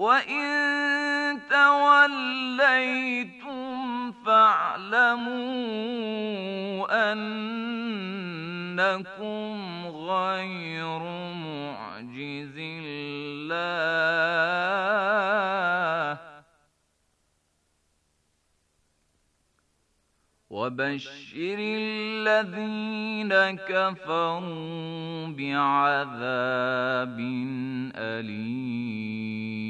وإن توليتم فاعلموا أنكم غير الله وبشر الذين كفروا بعذاب أليم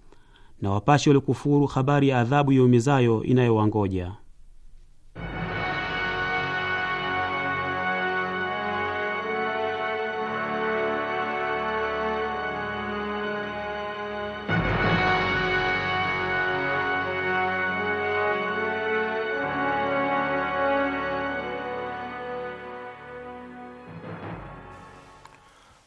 na wapashe walikufuru habari ya adhabu yaumizayo inayowangoja.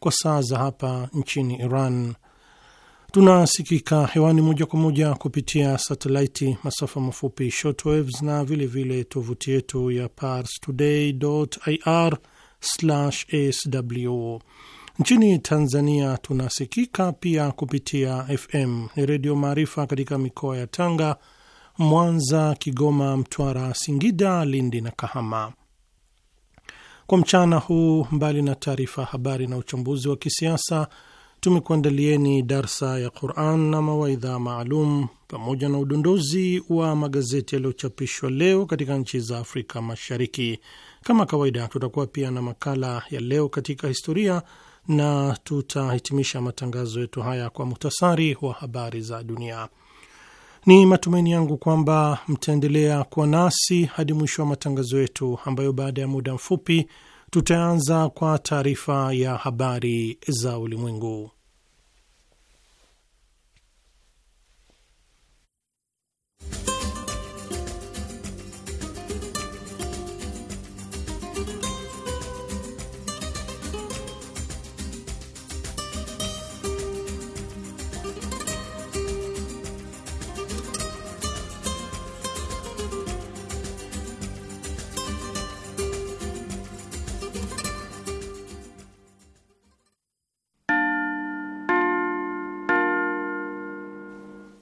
kwa saa za hapa nchini Iran. Tunasikika hewani moja kwa moja kupitia satelaiti, masafa mafupi shortwaves, na vilevile tovuti yetu ya pars ir sw Nchini Tanzania tunasikika pia kupitia FM ni Redio Maarifa katika mikoa ya Tanga, Mwanza, Kigoma, Mtwara, Singida, Lindi na Kahama. Kwa mchana huu, mbali na taarifa habari na uchambuzi wa kisiasa, tumekuandalieni darsa ya Quran na mawaidha maalum pamoja na udondozi wa magazeti yaliyochapishwa leo katika nchi za Afrika Mashariki. Kama kawaida, tutakuwa pia na makala ya leo katika historia na tutahitimisha matangazo yetu haya kwa muhtasari wa habari za dunia. Ni matumaini yangu kwamba mtaendelea kuwa nasi hadi mwisho wa matangazo yetu, ambayo baada ya muda mfupi tutaanza kwa taarifa ya habari za ulimwengu.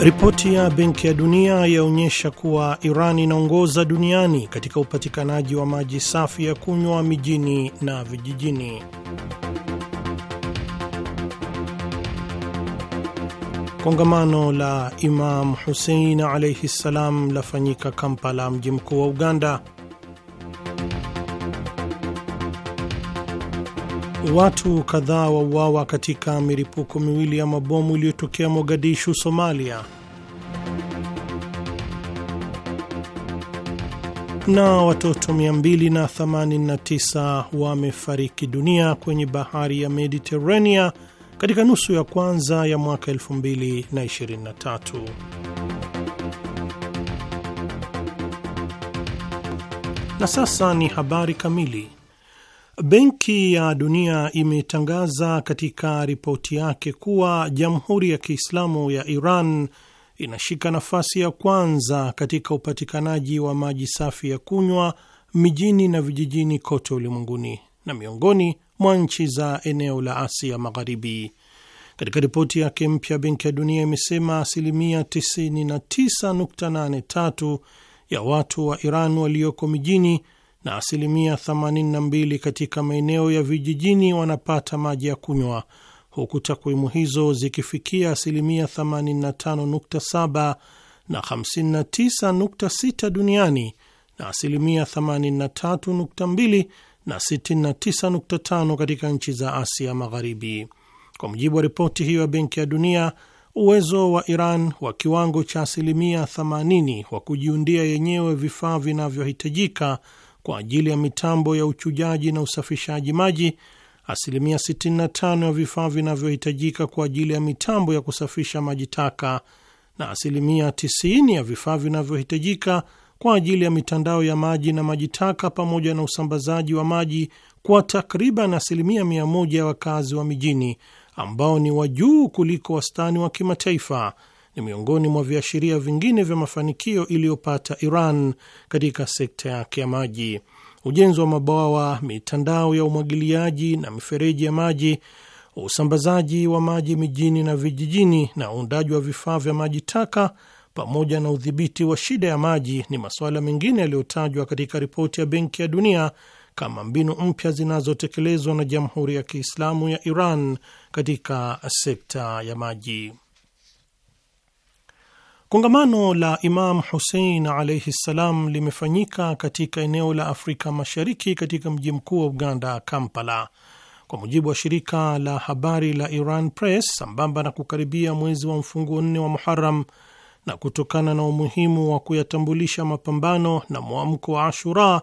Ripoti ya Benki ya Dunia yaonyesha kuwa Iran inaongoza duniani katika upatikanaji wa maji safi ya kunywa mijini na vijijini. Kongamano la Imam Husein alaihi ssalam lafanyika Kampala, mji mkuu wa Uganda, Watu kadhaa wauawa katika milipuko miwili ya mabomu iliyotokea Mogadishu, Somalia. Na watoto 289 wamefariki dunia kwenye bahari ya Mediterania katika nusu ya kwanza ya mwaka 2023. Na sasa ni habari kamili. Benki ya Dunia imetangaza katika ripoti yake kuwa Jamhuri ya Kiislamu ya Iran inashika nafasi ya kwanza katika upatikanaji wa maji safi ya kunywa mijini na vijijini kote ulimwenguni na miongoni mwa nchi za eneo la Asia Magharibi. Katika ripoti yake mpya, Benki ya Dunia imesema asilimia 99.83 ya watu wa Iran walioko mijini na asilimia 82 katika maeneo ya vijijini wanapata maji ya kunywa, huku takwimu hizo zikifikia asilimia 85.7 na 59.6 duniani na asilimia 83.2 na 69.5 katika nchi za Asia Magharibi. Kwa mujibu wa ripoti hiyo ya Benki ya Dunia, uwezo wa Iran wa kiwango cha asilimia 80 wa kujiundia yenyewe vifaa vinavyohitajika kwa ajili ya mitambo ya uchujaji na usafishaji maji, asilimia 65 ya vifaa vinavyohitajika kwa ajili ya mitambo ya kusafisha maji taka na asilimia 90 ya vifaa vinavyohitajika kwa ajili ya mitandao ya maji na maji taka pamoja na usambazaji wa maji kwa takriban asilimia mia moja ya wakazi wa mijini ambao ni wa juu kuliko wastani wa kimataifa ni miongoni mwa viashiria vingine vya mafanikio iliyopata Iran katika sekta yake ya maji. Ujenzi wa mabwawa, mitandao ya umwagiliaji na mifereji ya maji, usambazaji wa maji mijini na vijijini, na uundaji wa vifaa vya maji taka pamoja na udhibiti wa shida ya maji ni masuala mengine yaliyotajwa katika ripoti ya Benki ya Dunia kama mbinu mpya zinazotekelezwa na Jamhuri ya Kiislamu ya Iran katika sekta ya maji. Kongamano la Imam Hussein alaihi ssalam limefanyika katika eneo la Afrika Mashariki katika mji mkuu wa Uganda, Kampala. Kwa mujibu wa shirika la habari la Iran Press, sambamba na kukaribia mwezi wa mfunguo nne wa Muharam na kutokana na umuhimu wa kuyatambulisha mapambano na mwamko wa Ashura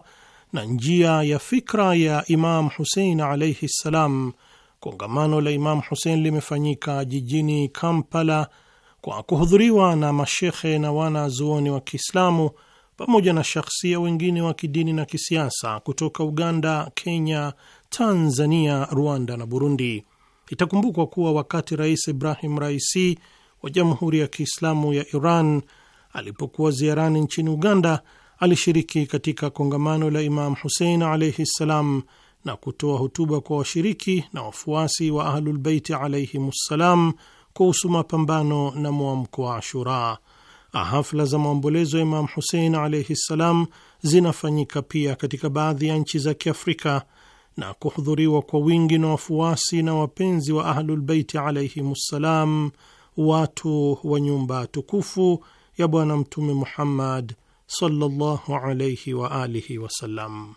na njia ya fikra ya Imam Hussein alaihi ssalam, kongamano la Imam Hussein limefanyika jijini Kampala kwa kuhudhuriwa na mashekhe na wanazuoni wa Kiislamu pamoja na shakhsia wengine wa kidini na kisiasa kutoka Uganda, Kenya, Tanzania, Rwanda na Burundi. Itakumbukwa kuwa wakati Rais Ibrahim Raisi wa Jamhuri ya Kiislamu ya Iran alipokuwa ziarani nchini Uganda, alishiriki katika kongamano la Imam Husein alaihi ssalam na kutoa hutuba kwa washiriki na wafuasi wa Ahlulbeiti alaihim ssalam kuhusu mapambano na mwamko wa Ashura. Hafla za maombolezo ya Imam Husein alaihi ssalam zinafanyika pia katika baadhi ya nchi za Kiafrika na kuhudhuriwa kwa wingi na wafuasi na wapenzi wa Ahlulbeiti alaihim ssalam, watu wa nyumba tukufu ya Bwana Mtume Muhammad sallallahu alaihi waalihi wasallam.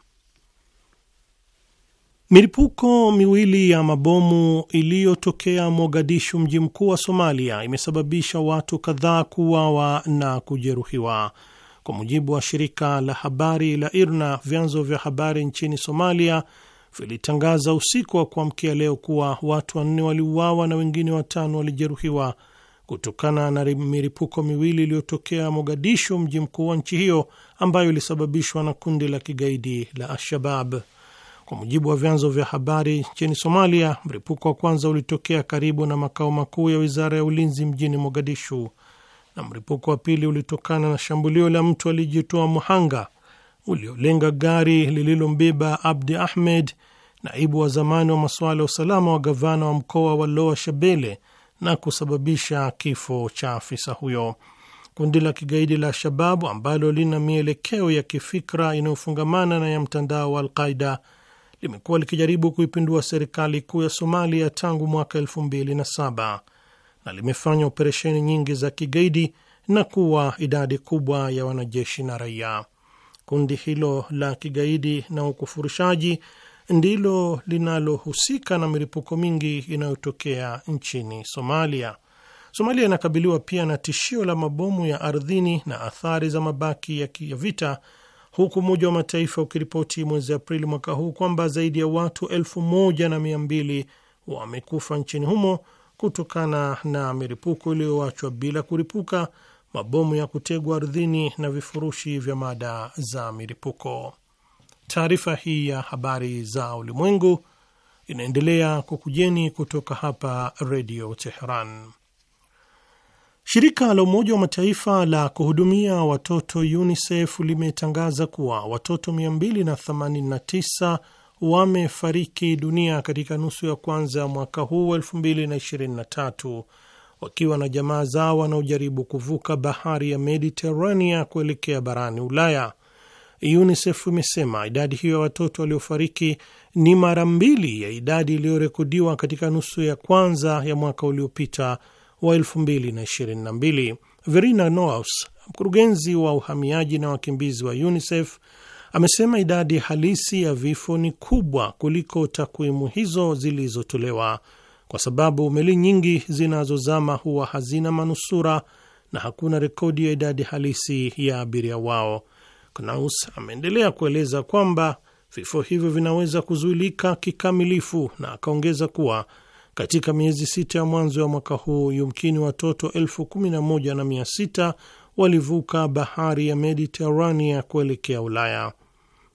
Milipuko miwili ya mabomu iliyotokea Mogadishu, mji mkuu wa Somalia, imesababisha watu kadhaa kuuawa na kujeruhiwa. Kwa mujibu wa shirika la habari la IRNA, vyanzo vya habari nchini Somalia vilitangaza usiku wa kuamkia leo kuwa watu wanne waliuawa na wengine watano walijeruhiwa kutokana na milipuko miwili iliyotokea Mogadishu, mji mkuu wa nchi hiyo, ambayo ilisababishwa na kundi la kigaidi la Al-Shabab. Kwa mujibu wa vyanzo vya habari nchini Somalia, mlipuko wa kwanza ulitokea karibu na makao makuu ya wizara ya ulinzi mjini Mogadishu, na mlipuko wa pili ulitokana na shambulio la mtu aliyejitoa muhanga uliolenga gari lililombeba Abdi Ahmed, naibu wa zamani wa masuala ya usalama wa gavana wa mkoa wa Loa Shabele, na kusababisha kifo cha afisa huyo. Kundi la kigaidi la Shababu ambalo lina mielekeo ya kifikra inayofungamana na ya mtandao wa Alqaida limekuwa likijaribu kuipindua serikali kuu ya Somalia tangu mwaka mbili na limefanya operesheni nyingi za kigaidi na kuwa idadi kubwa ya wanajeshi na raia. Kundi hilo la kigaidi na ukufurishaji ndilo linalohusika na milipuko mingi inayotokea nchini Somalia. Somalia inakabiliwa pia na tishio la mabomu ya ardhini na athari za mabaki ya kivita huku Umoja wa Mataifa ukiripoti mwezi Aprili mwaka huu kwamba zaidi ya watu elfu moja na mia mbili wamekufa nchini humo kutokana na milipuko iliyoachwa bila kuripuka, mabomu ya kutegwa ardhini na vifurushi vya mada za milipuko. Taarifa hii ya habari za ulimwengu inaendelea kukujeni kutoka hapa Redio Teheran. Shirika la Umoja wa Mataifa la kuhudumia watoto UNICEF limetangaza kuwa watoto 289 wamefariki dunia katika nusu ya kwanza ya mwaka huu 2023 wakiwa na jamaa zao wanaojaribu kuvuka bahari ya Mediterania kuelekea barani Ulaya. UNICEF imesema idadi hiyo ya watoto waliofariki ni mara mbili ya idadi iliyorekodiwa katika nusu ya kwanza ya mwaka uliopita wa 2022. Verina Noaus, mkurugenzi wa uhamiaji na wakimbizi wa UNICEF, amesema idadi halisi ya vifo ni kubwa kuliko takwimu hizo zilizotolewa, kwa sababu meli nyingi zinazozama huwa hazina manusura na hakuna rekodi ya idadi halisi ya abiria wao. Knaus ameendelea kueleza kwamba vifo hivyo vinaweza kuzuilika kikamilifu, na akaongeza kuwa katika miezi sita ya mwanzo ya mwaka huu, yumkini watoto elfu kumi na moja na mia sita walivuka bahari ya Mediterania kuelekea Ulaya.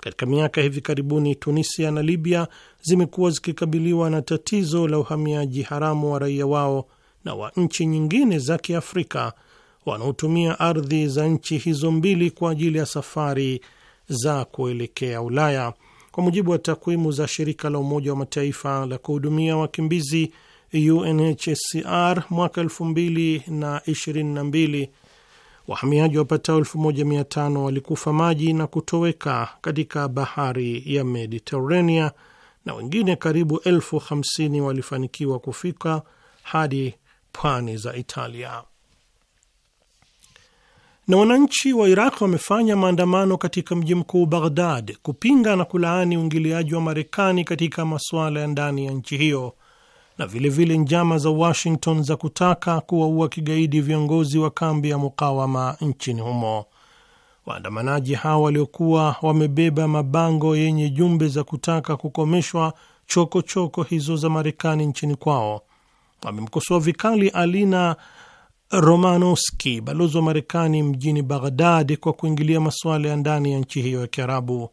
Katika miaka hivi karibuni, Tunisia na Libya zimekuwa zikikabiliwa na tatizo la uhamiaji haramu wa raia wao na wa nchi nyingine za Kiafrika wanaotumia ardhi za nchi hizo mbili kwa ajili ya safari za kuelekea Ulaya. Kwa mujibu wa takwimu za shirika la Umoja wa Mataifa la kuhudumia wakimbizi UNHCR, mwaka 2022 wahamiaji wapatao 1500 walikufa maji na kutoweka katika bahari ya Mediterania na wengine karibu elfu hamsini walifanikiwa kufika hadi pwani za Italia. Na wananchi wa Iraq wamefanya maandamano katika mji mkuu Baghdad kupinga na kulaani uingiliaji wa Marekani katika masuala ya ndani ya nchi hiyo na vilevile vile njama za Washington za kutaka kuwaua kigaidi viongozi wa kambi ya mukawama nchini humo. Waandamanaji hao waliokuwa wamebeba mabango yenye jumbe za kutaka kukomeshwa chokochoko choko hizo za Marekani nchini kwao wamemkosoa vikali Alina Romanowski, balozi wa Marekani mjini Baghdad, kwa kuingilia masuala ya ndani ya nchi hiyo ya Kiarabu.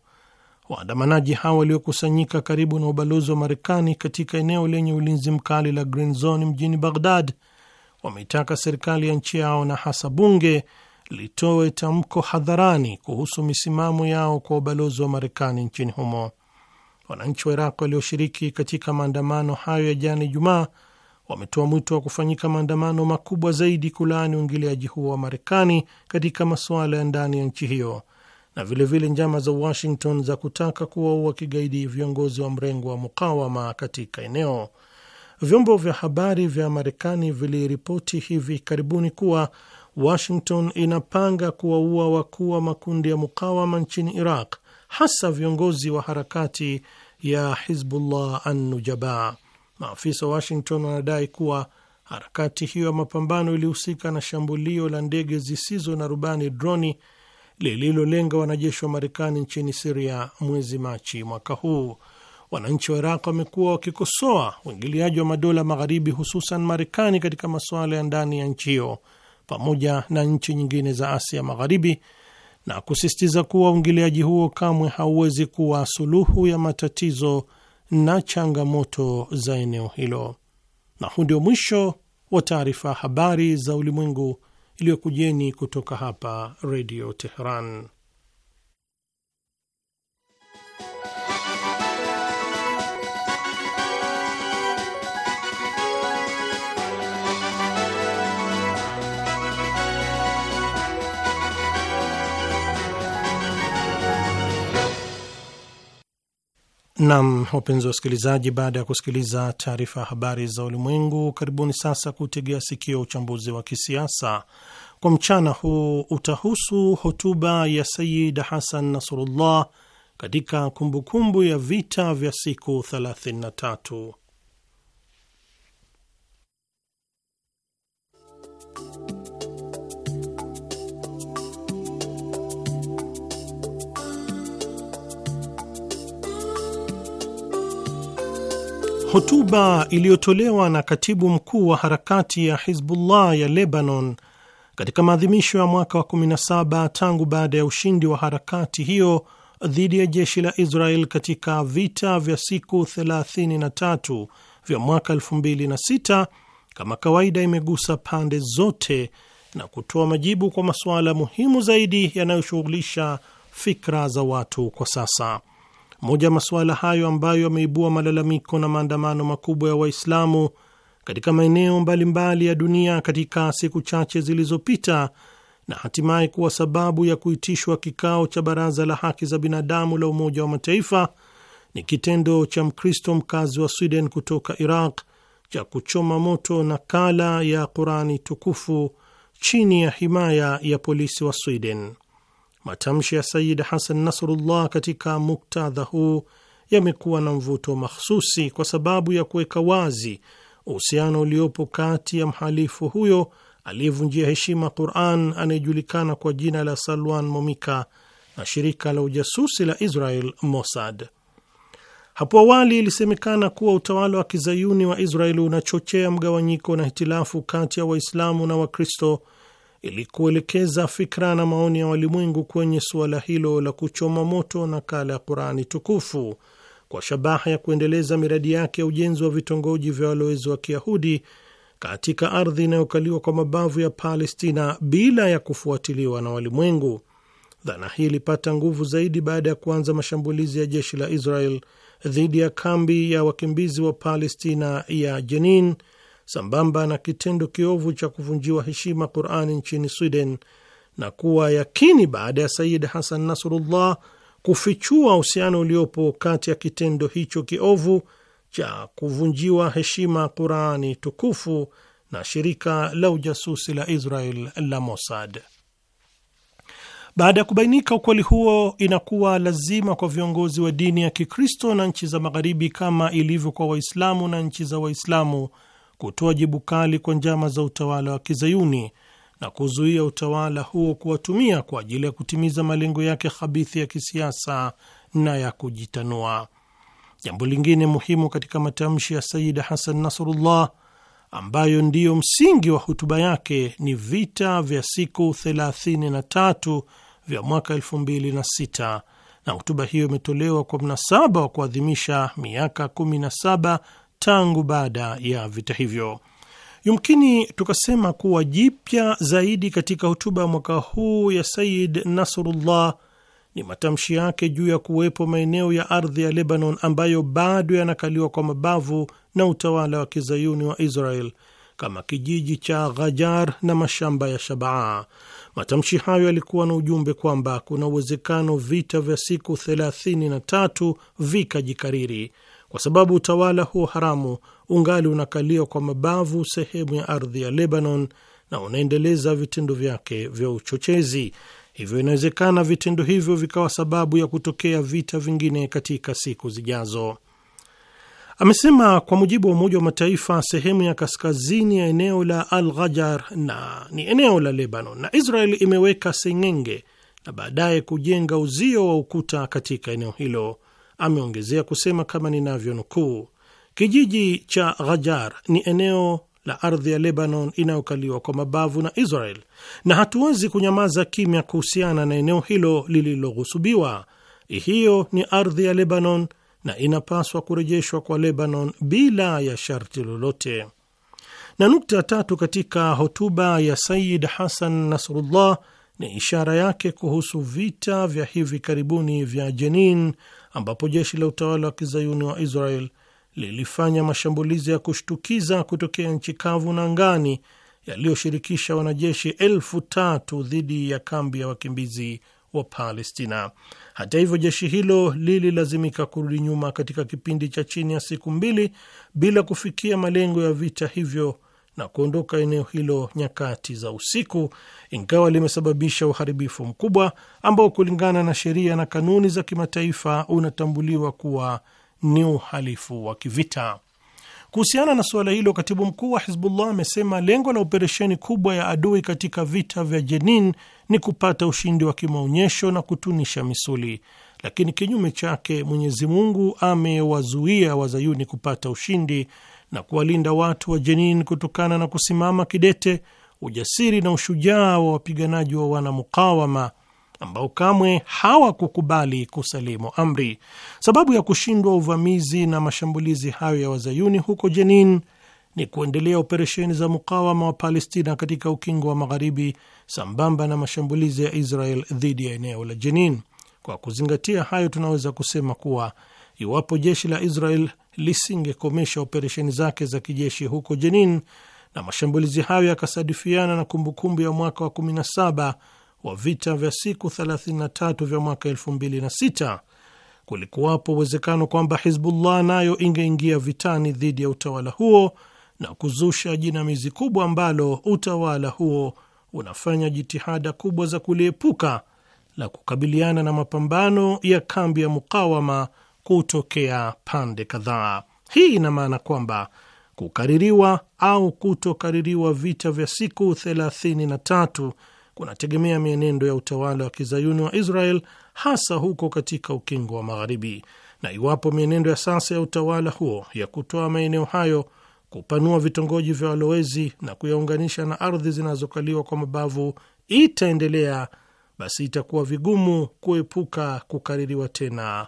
Waandamanaji hao waliokusanyika karibu na ubalozi wa Marekani katika eneo lenye ulinzi mkali la Green Zone mjini Baghdad wameitaka serikali ya nchi yao na hasa bunge litoe tamko hadharani kuhusu misimamo yao kwa ubalozi wa Marekani nchini humo. Wananchi wa Iraq walioshiriki katika maandamano hayo ya jana Ijumaa wametoa mwito wa kufanyika maandamano makubwa zaidi kulaani uingiliaji huo wa Marekani katika masuala ya ndani ya nchi hiyo na vilevile vile njama za Washington za kutaka kuwaua kigaidi viongozi wa mrengo wa mukawama katika eneo. Vyombo vya habari vya Marekani viliripoti hivi karibuni kuwa Washington inapanga kuwaua wakuu wa makundi ya mukawama nchini Iraq, hasa viongozi wa harakati ya Hizbullah an-Nujaba. Maafisa wa Washington wanadai kuwa harakati hiyo ya mapambano ilihusika na shambulio la ndege zisizo na rubani droni lililolenga wanajeshi wa Marekani nchini Siria mwezi Machi mwaka huu. Wananchi wa Iraq wamekuwa wakikosoa uingiliaji wa madola magharibi, hususan Marekani, katika masuala ya ndani ya nchi hiyo pamoja na nchi nyingine za Asia Magharibi na kusisitiza kuwa uingiliaji huo kamwe hauwezi kuwa suluhu ya matatizo na changamoto za eneo hilo. Na huu ndio mwisho wa taarifa habari za ulimwengu iliyokujeni kutoka hapa Redio Teheran. Nam, wapenzi wa wasikilizaji, baada ya kusikiliza taarifa ya habari za ulimwengu, karibuni sasa kutegea sikio uchambuzi wa kisiasa kwa mchana huu. Utahusu hotuba ya Sayid Hasan Nasrullah katika kumbukumbu kumbu ya vita vya siku 33. Hotuba iliyotolewa na katibu mkuu wa harakati ya Hizbullah ya Lebanon katika maadhimisho ya mwaka wa 17 tangu baada ya ushindi wa harakati hiyo dhidi ya jeshi la Israel katika vita vya siku 33 vya mwaka 2006 kama kawaida, imegusa pande zote na kutoa majibu kwa masuala muhimu zaidi yanayoshughulisha fikra za watu kwa sasa. Moja ya masuala hayo ambayo yameibua malalamiko na maandamano makubwa ya Waislamu katika maeneo mbalimbali ya dunia katika siku chache zilizopita na hatimaye kuwa sababu ya kuitishwa kikao cha Baraza la Haki za Binadamu la Umoja wa Mataifa ni kitendo cha Mkristo mkazi wa Sweden kutoka Iraq cha kuchoma moto nakala ya Qurani tukufu chini ya himaya ya polisi wa Sweden. Matamshi ya Sayid Hasan Nasrullah katika muktadha huu yamekuwa na mvuto mahsusi kwa sababu ya kuweka wazi uhusiano uliopo kati ya mhalifu huyo aliyevunjia heshima Quran anayejulikana kwa jina la Salwan Momika na shirika la ujasusi la Israel Mossad. Hapo awali ilisemekana kuwa utawala wa kizayuni wa Israel unachochea mgawanyiko na hitilafu kati ya Waislamu na Wakristo ili kuelekeza fikra na maoni ya walimwengu kwenye suala hilo la kuchoma moto nakala ya Qurani tukufu kwa shabaha ya kuendeleza miradi yake ya ujenzi wa vitongoji vya walowezi wa Kiyahudi katika ardhi inayokaliwa kwa mabavu ya Palestina bila ya kufuatiliwa na walimwengu. Dhana hii ilipata nguvu zaidi baada ya kuanza mashambulizi ya jeshi la Israel dhidi ya kambi ya wakimbizi wa Palestina ya Jenin sambamba na kitendo kiovu cha kuvunjiwa heshima Qurani nchini Sweden na kuwa yakini baada ya Sayid Hasan Nasrullah kufichua uhusiano uliopo kati ya kitendo hicho kiovu cha kuvunjiwa heshima Qurani tukufu na shirika la ujasusi la Israel la Mossad. Baada ya kubainika ukweli huo, inakuwa lazima kwa viongozi wa dini ya Kikristo na nchi za Magharibi, kama ilivyo kwa Waislamu na nchi za Waislamu, kutoa jibu kali kwa njama za utawala wa kizayuni na kuzuia utawala huo kuwatumia kwa ajili ya kutimiza malengo yake khabithi ya kisiasa na ya kujitanua. Jambo lingine muhimu katika matamshi ya Sayid Hasan Nasrullah ambayo ndiyo msingi wa hutuba yake ni vita vya siku 33 vya mwaka 2006 na hutuba hiyo imetolewa kwa mnasaba wa kuadhimisha miaka 17 tangu baada ya vita hivyo. Yumkini tukasema kuwa jipya zaidi katika hotuba ya mwaka huu ya Sayid Nasrullah ni matamshi yake juu ya kuwepo maeneo ya ardhi ya Lebanon ambayo bado yanakaliwa kwa mabavu na utawala wa kizayuni wa Israel kama kijiji cha Ghajar na mashamba ya Shabaa. Matamshi hayo yalikuwa na ujumbe kwamba kuna uwezekano vita vya siku 33 vikajikariri kwa sababu utawala huo haramu ungali unakalia kwa mabavu sehemu ya ardhi ya Lebanon na unaendeleza vitendo vyake vya uchochezi. Hivyo inawezekana vitendo hivyo vikawa sababu ya kutokea vita vingine katika siku zijazo, amesema. Kwa mujibu wa Umoja wa Mataifa, sehemu ya kaskazini ya eneo la Al Ghajar na ni eneo la Lebanon, na Israel imeweka seng'enge na baadaye kujenga uzio wa ukuta katika eneo hilo. Ameongezea kusema kama ninavyonukuu, kijiji cha Ghajar ni eneo la ardhi ya Lebanon inayokaliwa kwa mabavu na Israel, na hatuwezi kunyamaza kimya kuhusiana na eneo hilo lililoghusubiwa. Hiyo ni ardhi ya Lebanon na inapaswa kurejeshwa kwa Lebanon bila ya sharti lolote. Na nukta ya tatu katika hotuba ya Sayid Hasan Nasrullah ni ishara yake kuhusu vita vya hivi karibuni vya Jenin ambapo jeshi la utawala wa kizayuni wa Israel lilifanya mashambulizi ya kushtukiza kutokea nchi kavu na angani yaliyoshirikisha wanajeshi elfu tatu dhidi ya kambi ya wakimbizi wa Palestina. Hata hivyo, jeshi hilo lililazimika kurudi nyuma katika kipindi cha chini ya siku mbili bila kufikia malengo ya vita hivyo na kuondoka eneo hilo nyakati za usiku, ingawa limesababisha uharibifu mkubwa ambao kulingana na sheria na kanuni za kimataifa unatambuliwa kuwa ni uhalifu wa kivita. Kuhusiana na suala hilo, katibu mkuu wa Hizbullah amesema lengo la operesheni kubwa ya adui katika vita vya Jenin ni kupata ushindi wa kimaonyesho na kutunisha misuli, lakini kinyume chake Mwenyezi Mungu amewazuia wazayuni kupata ushindi na kuwalinda watu wa Jenin kutokana na kusimama kidete, ujasiri na ushujaa wa wapiganaji wa wanamukawama ambao kamwe hawakukubali kusalimu amri. Sababu ya kushindwa uvamizi na mashambulizi hayo ya wazayuni huko Jenin ni kuendelea operesheni za mukawama wa Palestina katika ukingo wa Magharibi sambamba na mashambulizi ya Israel dhidi ya eneo la Jenin. Kwa kuzingatia hayo, tunaweza kusema kuwa iwapo jeshi la Israel lisingekomesha operesheni zake za kijeshi huko Jenin, na mashambulizi hayo yakasadifiana na kumbukumbu ya mwaka wa 17 wa vita vya siku 33 vya mwaka 2006, kulikuwapo uwezekano kwamba Hizbullah nayo ingeingia vitani dhidi ya utawala huo na kuzusha jinamizi kubwa ambalo utawala huo unafanya jitihada kubwa za kuliepuka la kukabiliana na mapambano ya kambi ya mukawama kutokea pande kadhaa. Hii ina maana kwamba kukaririwa au kutokaririwa vita vya siku 33 kunategemea mienendo ya utawala wa kizayuni wa Israel, hasa huko katika ukingo wa Magharibi, na iwapo mienendo ya sasa ya utawala huo ya kutoa maeneo hayo, kupanua vitongoji vya walowezi na kuyaunganisha na ardhi zinazokaliwa kwa mabavu itaendelea, basi itakuwa vigumu kuepuka kukaririwa tena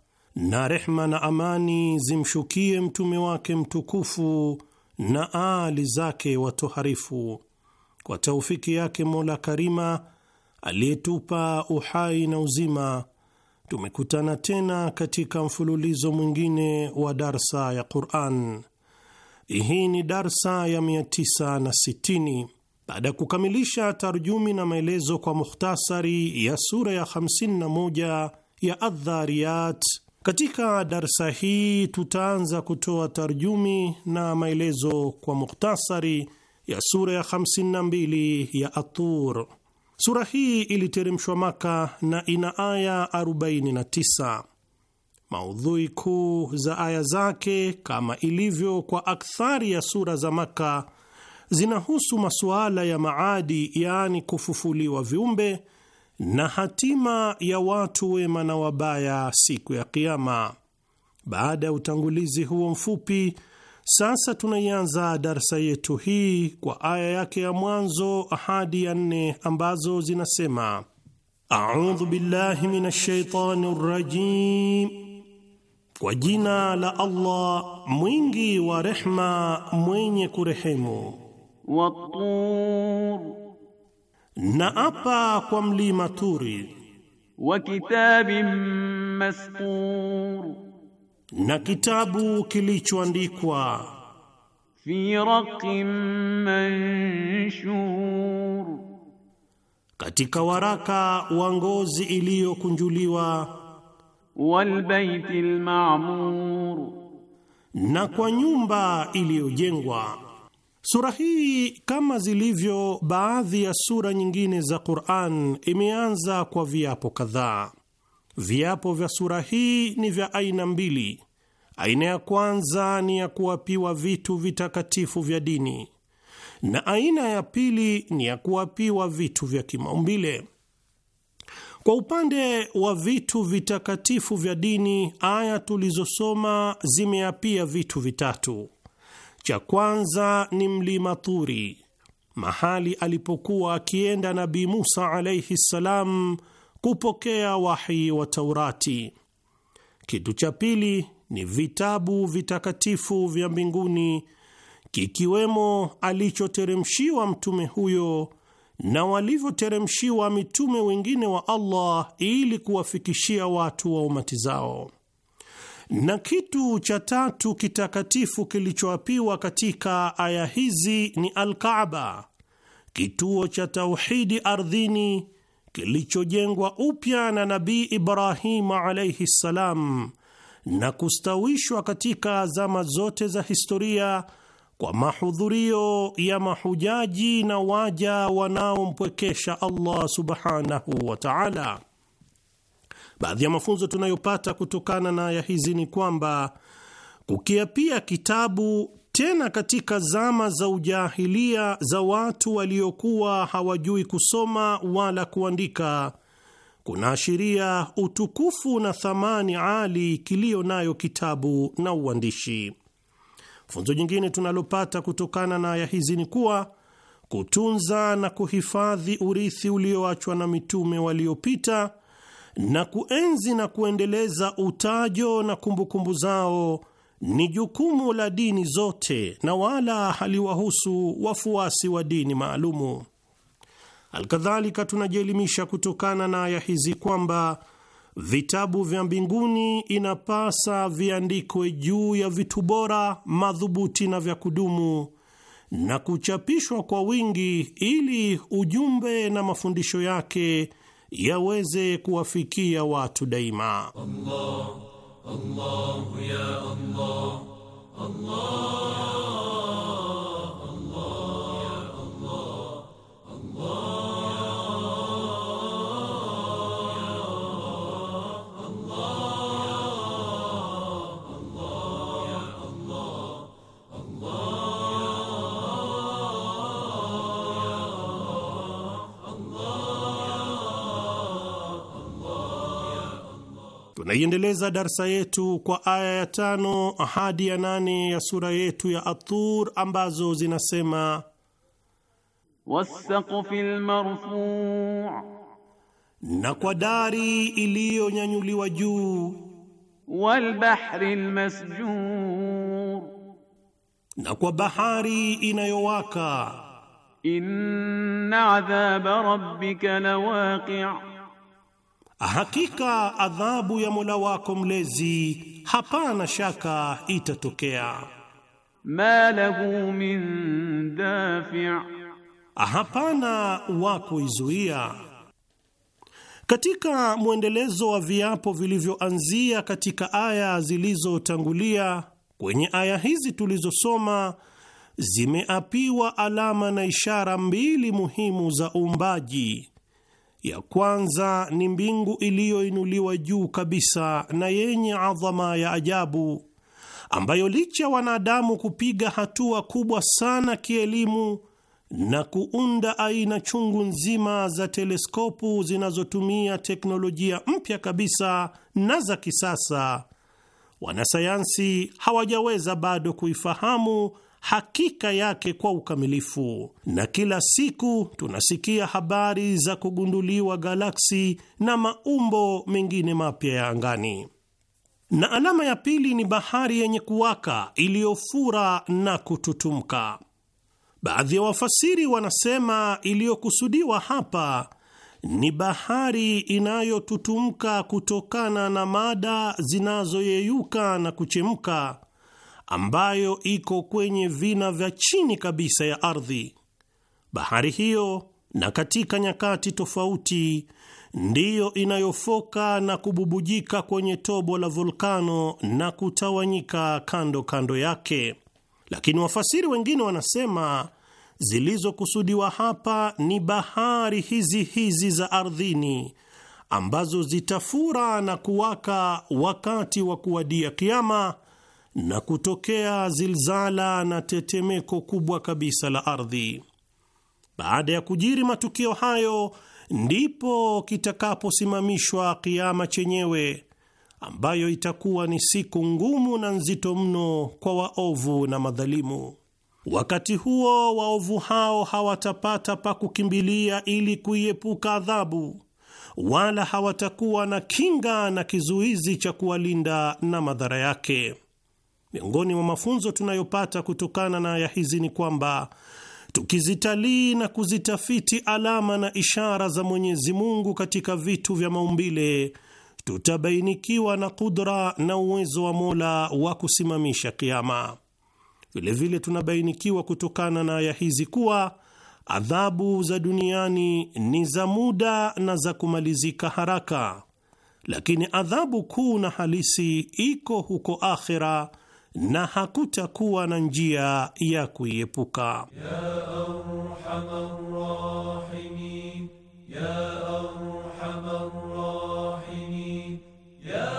na rehma na amani zimshukie mtume wake mtukufu na aali zake watoharifu. Kwa taufiki yake Mola Karima aliyetupa uhai na uzima, tumekutana tena katika mfululizo mwingine wa darsa ya Quran. Hii ni darsa ya 960 baada ya kukamilisha tarjumi na maelezo kwa mukhtasari ya sura ya 51 ya Adhariyat. Katika darsa hii tutaanza kutoa tarjumi na maelezo kwa mukhtasari ya sura ya 52 ya Atur. Sura hii iliteremshwa Maka na ina aya 49. Maudhui kuu za aya zake, kama ilivyo kwa akthari ya sura za Maka, zinahusu masuala ya maadi, yaani kufufuliwa viumbe na hatima ya watu wema na wabaya siku ya Kiama. Baada ya utangulizi huo mfupi, sasa tunaianza darsa yetu hii kwa aya yake ya mwanzo hadi ya nne ambazo zinasema: audhu billahi minash rajim, kwa jina la Allah mwingi wa rehma mwenye kurehemu na apa kwa mlima Turi wa kitabim masqur, na kitabu kilichoandikwa fi raqim manshur, katika waraka wa ngozi iliyokunjuliwa wal baitil maamur, na kwa nyumba iliyojengwa Sura hii kama zilivyo baadhi ya sura nyingine za Qur'an imeanza kwa viapo kadhaa. Viapo vya sura hii ni vya aina mbili. Aina ya kwanza ni ya kuapiwa vitu vitakatifu vya dini na aina ya pili ni ya kuapiwa vitu vya kimaumbile. Kwa upande wa vitu vitakatifu vya dini, aya tulizosoma zimeapia vitu vitatu. Cha kwanza ni mlima Turi, mahali alipokuwa akienda Nabii Musa alaihi ssalam kupokea wahi wa Taurati. Kitu cha pili ni vitabu vitakatifu vya mbinguni, kikiwemo alichoteremshiwa mtume huyo na walivyoteremshiwa mitume wengine wa Allah ili kuwafikishia watu wa umati zao. Na kitu cha tatu kitakatifu kilichoapiwa katika aya hizi ni Alkaaba, kituo cha tauhidi ardhini kilichojengwa upya na Nabii Ibrahima alaihi ssalam na kustawishwa katika zama zote za historia kwa mahudhurio ya mahujaji na waja wanaompwekesha Allah subhanahu wa taala. Baadhi ya mafunzo tunayopata kutokana na aya hizi ni kwamba kukiapia kitabu tena katika zama za ujahilia za watu waliokuwa hawajui kusoma wala kuandika kunaashiria utukufu na thamani ali kiliyo nayo kitabu na uandishi. Funzo jingine tunalopata kutokana na aya hizi ni kuwa kutunza na kuhifadhi urithi ulioachwa na mitume waliopita na kuenzi na kuendeleza utajo na kumbukumbu zao ni jukumu la dini zote na wala haliwahusu wafuasi wa dini maalumu. Alkadhalika, tunajielimisha kutokana na aya hizi kwamba vitabu vya mbinguni inapasa viandikwe juu ya vitu bora, madhubuti na vya kudumu na kuchapishwa kwa wingi ili ujumbe na mafundisho yake yaweze kuwafikia watu daima. Allah, Allah, ya Allah, Allah, Allah, ya Allah, Allah. Tunaiendeleza darsa yetu kwa aya ya tano hadi ya nane ya sura yetu ya Athur ambazo zinasema wasaqfil marfu', na kwa dari iliyonyanyuliwa juu, wal bahril masjur, na kwa bahari inayowaka, inna adhaba rabbika lawaqi' Hakika adhabu ya Mola wako mlezi hapana shaka itatokea. Ma lahu min dafi', hapana wa kuizuia. Katika mwendelezo wa viapo vilivyoanzia katika aya zilizotangulia, kwenye aya hizi tulizosoma zimeapiwa alama na ishara mbili muhimu za uumbaji ya kwanza ni mbingu iliyoinuliwa juu kabisa na yenye adhama ya ajabu, ambayo licha wanadamu kupiga hatua kubwa sana kielimu na kuunda aina chungu nzima za teleskopu zinazotumia teknolojia mpya kabisa na za kisasa, wanasayansi hawajaweza bado kuifahamu hakika yake kwa ukamilifu, na kila siku tunasikia habari za kugunduliwa galaksi na maumbo mengine mapya ya angani. Na alama ya pili ni bahari yenye kuwaka iliyofura na kututumka. Baadhi ya wafasiri wanasema iliyokusudiwa hapa ni bahari inayotutumka kutokana na mada zinazoyeyuka na kuchemka ambayo iko kwenye vina vya chini kabisa ya ardhi. Bahari hiyo na katika nyakati tofauti ndiyo inayofoka na kububujika kwenye tobo la volkano na kutawanyika kando kando yake, lakini wafasiri wengine wanasema zilizokusudiwa hapa ni bahari hizi hizi za ardhini ambazo zitafura na kuwaka wakati wa kuwadia kiama na kutokea zilzala na tetemeko kubwa kabisa la ardhi. Baada ya kujiri matukio hayo, ndipo kitakaposimamishwa kiama chenyewe, ambayo itakuwa ni siku ngumu na nzito mno kwa waovu na madhalimu. Wakati huo waovu hao hawatapata pa kukimbilia ili kuiepuka adhabu, wala hawatakuwa na kinga na kizuizi cha kuwalinda na madhara yake. Miongoni mwa mafunzo tunayopata kutokana na aya hizi ni kwamba tukizitalii na kuzitafiti alama na ishara za Mwenyezi Mungu katika vitu vya maumbile tutabainikiwa na kudra na uwezo wa Mola wa kusimamisha kiama. Vilevile tunabainikiwa kutokana na aya hizi kuwa adhabu za duniani ni za muda na za kumalizika haraka, lakini adhabu kuu na halisi iko huko akhera na hakutakuwa na njia ya kuiepuka. ya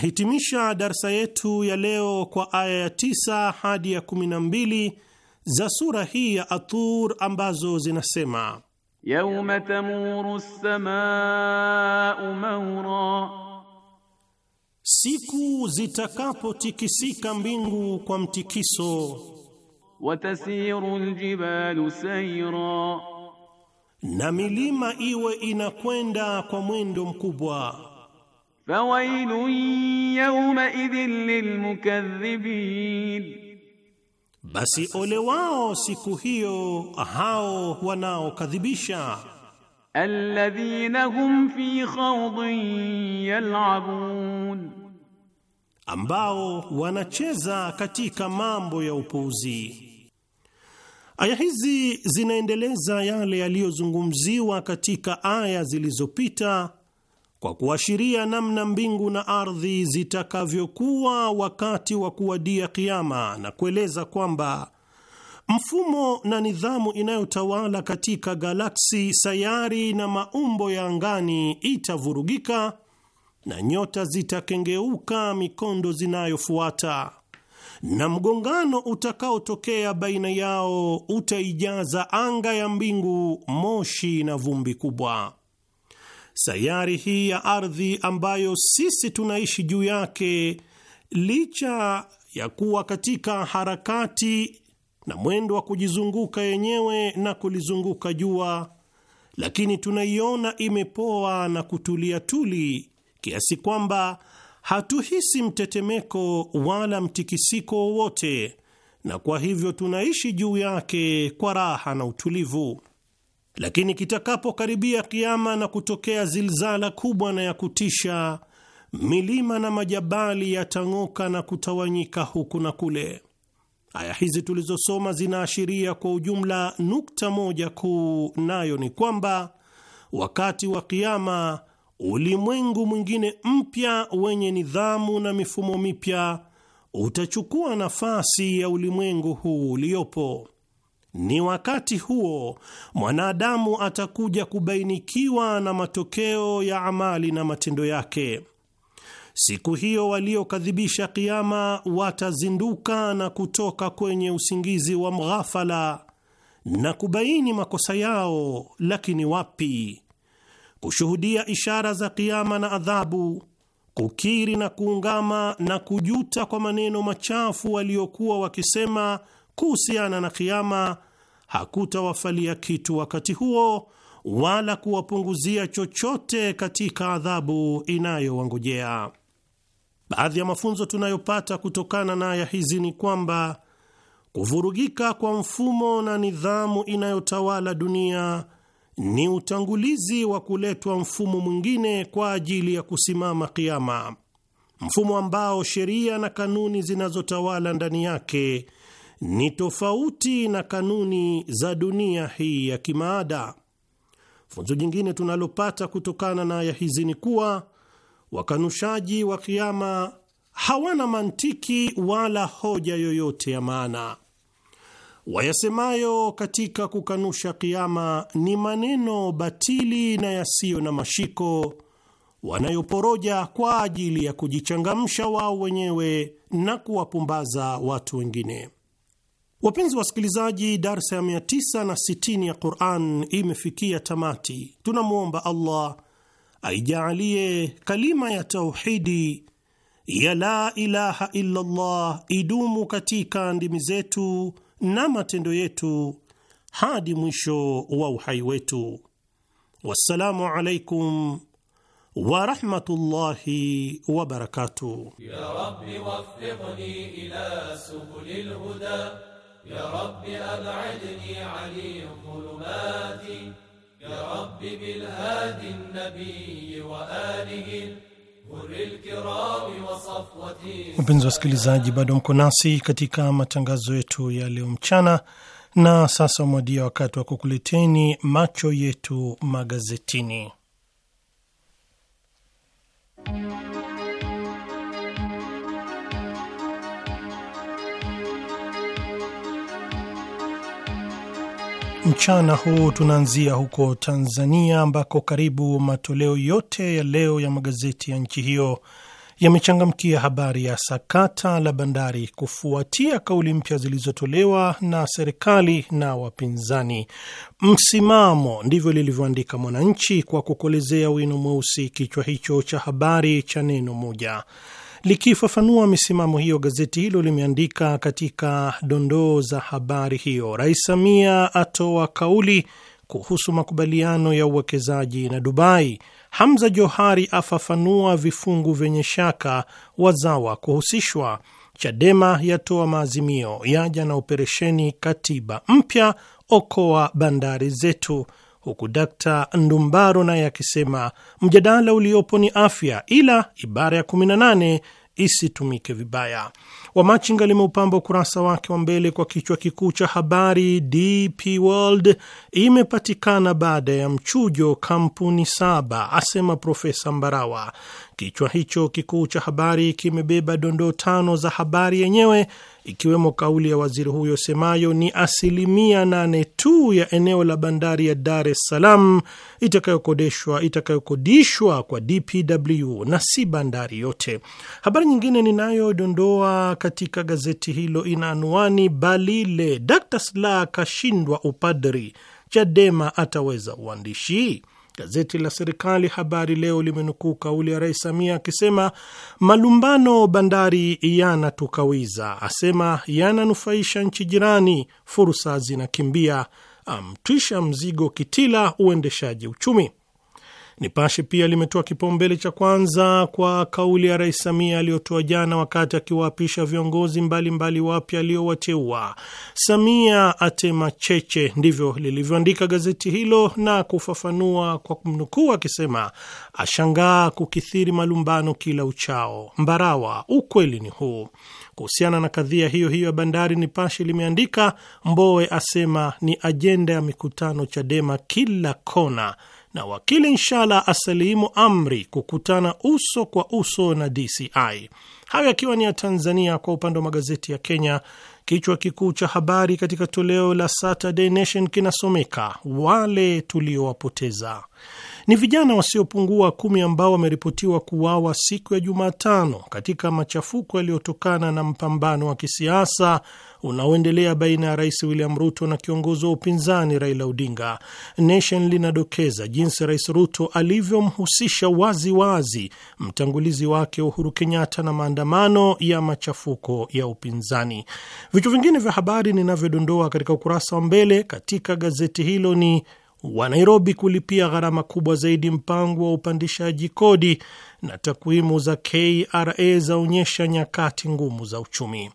Tunahitimisha darsa yetu ya leo kwa aya ya tisa hadi ya kumi na mbili za sura hii ya Athur ambazo zinasema: Yauma tamuru ssamau maura, siku zitakapotikisika mbingu kwa mtikiso. Watasiru ljibalu saira, na milima iwe inakwenda kwa mwendo mkubwa. Fawailu yawmaidhin lilmukaththibin, basi ole wao siku hiyo hao wanaokadhibisha. Alladhina hum fi khawdin yal'abun, ambao wanacheza katika mambo ya upuuzi. Aya hizi zinaendeleza yale yaliyozungumziwa katika aya zilizopita kwa kuashiria namna mbingu na ardhi zitakavyokuwa wakati wa kuwadia kiama, na kueleza kwamba mfumo na nidhamu inayotawala katika galaksi, sayari na maumbo ya angani itavurugika na nyota zitakengeuka mikondo zinayofuata na mgongano utakaotokea baina yao utaijaza anga ya mbingu moshi na vumbi kubwa sayari hii ya ardhi ambayo sisi tunaishi juu yake, licha ya kuwa katika harakati na mwendo wa kujizunguka yenyewe na kulizunguka jua, lakini tunaiona imepoa na kutulia tuli kiasi kwamba hatuhisi mtetemeko wala mtikisiko wowote, na kwa hivyo tunaishi juu yake kwa raha na utulivu. Lakini kitakapokaribia kiama na kutokea zilzala kubwa na ya kutisha, milima na majabali yatang'oka na kutawanyika huku na kule. Aya hizi tulizosoma zinaashiria kwa ujumla nukta moja kuu, nayo ni kwamba wakati wa kiama ulimwengu mwingine mpya wenye nidhamu na mifumo mipya utachukua nafasi ya ulimwengu huu uliopo ni wakati huo mwanadamu atakuja kubainikiwa na matokeo ya amali na matendo yake. Siku hiyo waliokadhibisha kiama watazinduka na kutoka kwenye usingizi wa mghafala na kubaini makosa yao, lakini wapi, kushuhudia ishara za kiama na adhabu, kukiri na kuungama na kujuta kwa maneno machafu waliokuwa wakisema kuhusiana na kiama hakutawafalia kitu wakati huo wala kuwapunguzia chochote katika adhabu inayowangojea. Baadhi ya mafunzo tunayopata kutokana na aya hizi ni kwamba kuvurugika kwa mfumo na nidhamu inayotawala dunia ni utangulizi wa kuletwa mfumo mwingine kwa ajili ya kusimama kiama, mfumo ambao sheria na kanuni zinazotawala ndani yake ni tofauti na kanuni za dunia hii ya kimaada. Funzo jingine tunalopata kutokana na aya hizi ni kuwa wakanushaji wa kiama hawana mantiki wala hoja yoyote ya maana. Wayasemayo katika kukanusha kiama ni maneno batili na yasiyo na mashiko wanayoporoja kwa ajili ya kujichangamsha wao wenyewe na kuwapumbaza watu wengine. Wapenzi wasikilizaji, darsa ya 960 ya Quran imefikia tamati. Tunamwomba Allah aijaalie kalima ya tauhidi ya la ilaha illallah idumu katika ndimi zetu na matendo yetu hadi mwisho wa uhai wetu. Wassalamu alaikum warahmatullahi wabarakatuh. يا رب أبعدني عن الظلمات يا رب النبي wasikilizaji, bado mko nasi katika matangazo yetu ya leo mchana, na sasa umewadia wakati wa kukuleteni macho yetu magazetini. Mchana huu tunaanzia huko Tanzania ambako karibu matoleo yote ya leo ya magazeti ya nchi hiyo yamechangamkia habari ya sakata la bandari kufuatia kauli mpya zilizotolewa na serikali na wapinzani. Msimamo, ndivyo lilivyoandika Mwananchi kwa kukolezea wino mweusi kichwa hicho cha habari cha neno moja. Likifafanua misimamo hiyo, gazeti hilo limeandika katika dondoo za habari hiyo, Rais Samia atoa kauli kuhusu makubaliano ya uwekezaji na Dubai. Hamza Johari afafanua vifungu vyenye shaka, wazawa kuhusishwa. Chadema yatoa maazimio, yaja na operesheni katiba mpya, okoa bandari zetu huku Dkt Ndumbaro naye akisema mjadala uliopo ni afya, ila ibara ya 18 isitumike vibaya. Wamachinga limeupamba ukurasa wake wa mbele kwa kichwa kikuu cha habari, DP World imepatikana baada ya mchujo kampuni saba, asema Profesa Mbarawa. Kichwa hicho kikuu cha habari kimebeba dondoo tano za habari yenyewe ikiwemo kauli ya waziri huyo semayo ni asilimia nane tu ya eneo la bandari ya Dar es Salaam itakayokodishwa itakayokodishwa kwa DPW na si bandari yote. Habari nyingine ninayodondoa katika gazeti hilo ina anwani Balile, Dr. sla kashindwa upadri, Chadema ataweza uandishi. Gazeti la serikali Habari Leo limenukuu kauli ya Rais Samia akisema malumbano bandari yanatukawiza, asema yananufaisha nchi jirani, fursa zinakimbia, amtwisha mzigo Kitila uendeshaji uchumi Nipashe pia limetoa kipaumbele cha kwanza kwa kauli ya Rais Samia aliyotoa jana wakati akiwaapisha viongozi mbalimbali wapya aliyowateua. Samia atema cheche, ndivyo lilivyoandika gazeti hilo, na kufafanua kwa kumnukuu akisema, ashangaa kukithiri malumbano kila uchao. Mbarawa, ukweli ni huu. Kuhusiana na kadhia hiyo hiyo ya bandari, Nipashe limeandika Mbowe asema ni ajenda ya mikutano Chadema kila kona na wakili Nshala asalimu amri kukutana uso kwa uso na DCI. Hayo yakiwa ni ya Tanzania. Kwa upande wa magazeti ya Kenya, kichwa kikuu cha habari katika toleo la Saturday Nation kinasomeka wale tuliowapoteza ni vijana wasiopungua kumi ambao wameripotiwa kuuawa siku ya Jumatano katika machafuko yaliyotokana na mpambano wa kisiasa unaoendelea baina ya Rais William Ruto na kiongozi wa upinzani Raila Odinga. Nation linadokeza jinsi Rais Ruto alivyomhusisha wazi wazi mtangulizi wake Uhuru Kenyatta na maandamano ya machafuko ya upinzani. Vichwa vingine vya habari ninavyodondoa katika ukurasa wa mbele katika gazeti hilo ni wa Nairobi kulipia gharama kubwa zaidi mpango wa upandishaji kodi na takwimu za KRA zaonyesha nyakati ngumu za uchumi.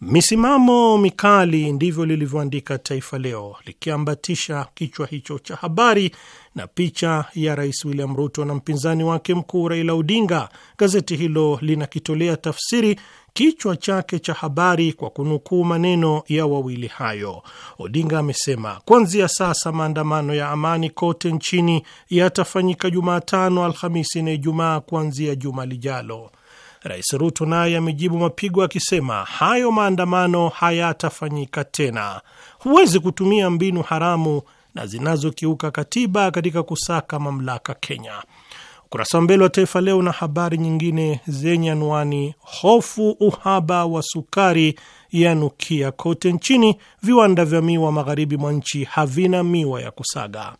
Misimamo mikali, ndivyo lilivyoandika Taifa Leo likiambatisha kichwa hicho cha habari na picha ya Rais William Ruto na mpinzani wake mkuu Raila Odinga. Gazeti hilo linakitolea tafsiri kichwa chake cha habari kwa kunukuu maneno ya wawili hayo. Odinga amesema kuanzia sasa maandamano ya amani kote nchini yatafanyika Jumatano, Alhamisi na Ijumaa kuanzia juma lijalo. Rais Ruto naye amejibu mapigo akisema hayo maandamano hayatafanyika tena. Huwezi kutumia mbinu haramu na zinazokiuka katiba katika kusaka mamlaka Kenya. Ukurasa wa mbele wa Taifa Leo na habari nyingine zenye anwani hofu, uhaba wa sukari yanukia kote nchini, viwanda vya miwa magharibi mwa nchi havina miwa ya kusaga.